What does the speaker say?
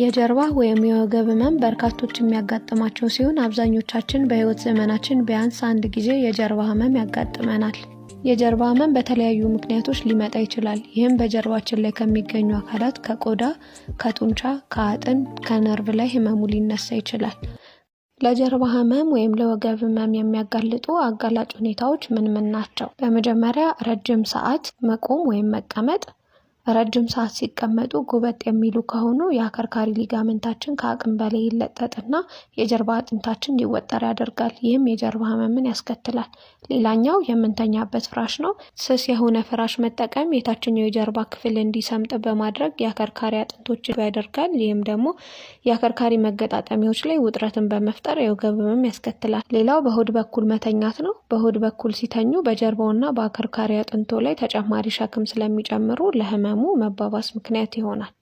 የጀርባ ወይም የወገብ ህመም በርካቶች የሚያጋጥማቸው ሲሆን አብዛኞቻችን በህይወት ዘመናችን ቢያንስ አንድ ጊዜ የጀርባ ህመም ያጋጥመናል። የጀርባ ህመም በተለያዩ ምክንያቶች ሊመጣ ይችላል። ይህም በጀርባችን ላይ ከሚገኙ አካላት ከቆዳ፣ ከጡንቻ፣ ከአጥን፣ ከነርቭ ላይ ህመሙ ሊነሳ ይችላል። ለጀርባ ህመም ወይም ለወገብ ህመም የሚያጋልጡ አጋላጭ ሁኔታዎች ምን ምን ናቸው? በመጀመሪያ ረጅም ሰዓት መቆም ወይም መቀመጥ፣ ረጅም ሰዓት ሲቀመጡ ጉበጥ የሚሉ ከሆኑ የአከርካሪ ሊጋመንታችን ከአቅም በላይ ይለጠጥና የጀርባ አጥንታችን እንዲወጠር ያደርጋል። ይህም የጀርባ ህመምን ያስከትላል። ሌላኛው የምንተኛበት ፍራሽ ነው። ስስ የሆነ ፍራሽ መጠቀም የታችኛው የጀርባ ክፍል እንዲሰምጥ በማድረግ የአከርካሪ አጥንቶች ያደርጋል። ይህም ደግሞ የአከርካሪ መገጣጠሚያዎች ላይ ውጥረትን በመፍጠር የወገብ ህመም ያስከትላል። ሌላው በሆድ በኩል መተኛት ነው። በሆድ በኩል ሲተኙ በጀርባውና በአከርካሪ አጥንቶ ላይ ተጨማሪ ሸክም ስለሚጨምሩ ለህመም ህመሙ መባባስ ምክንያት ይሆናል።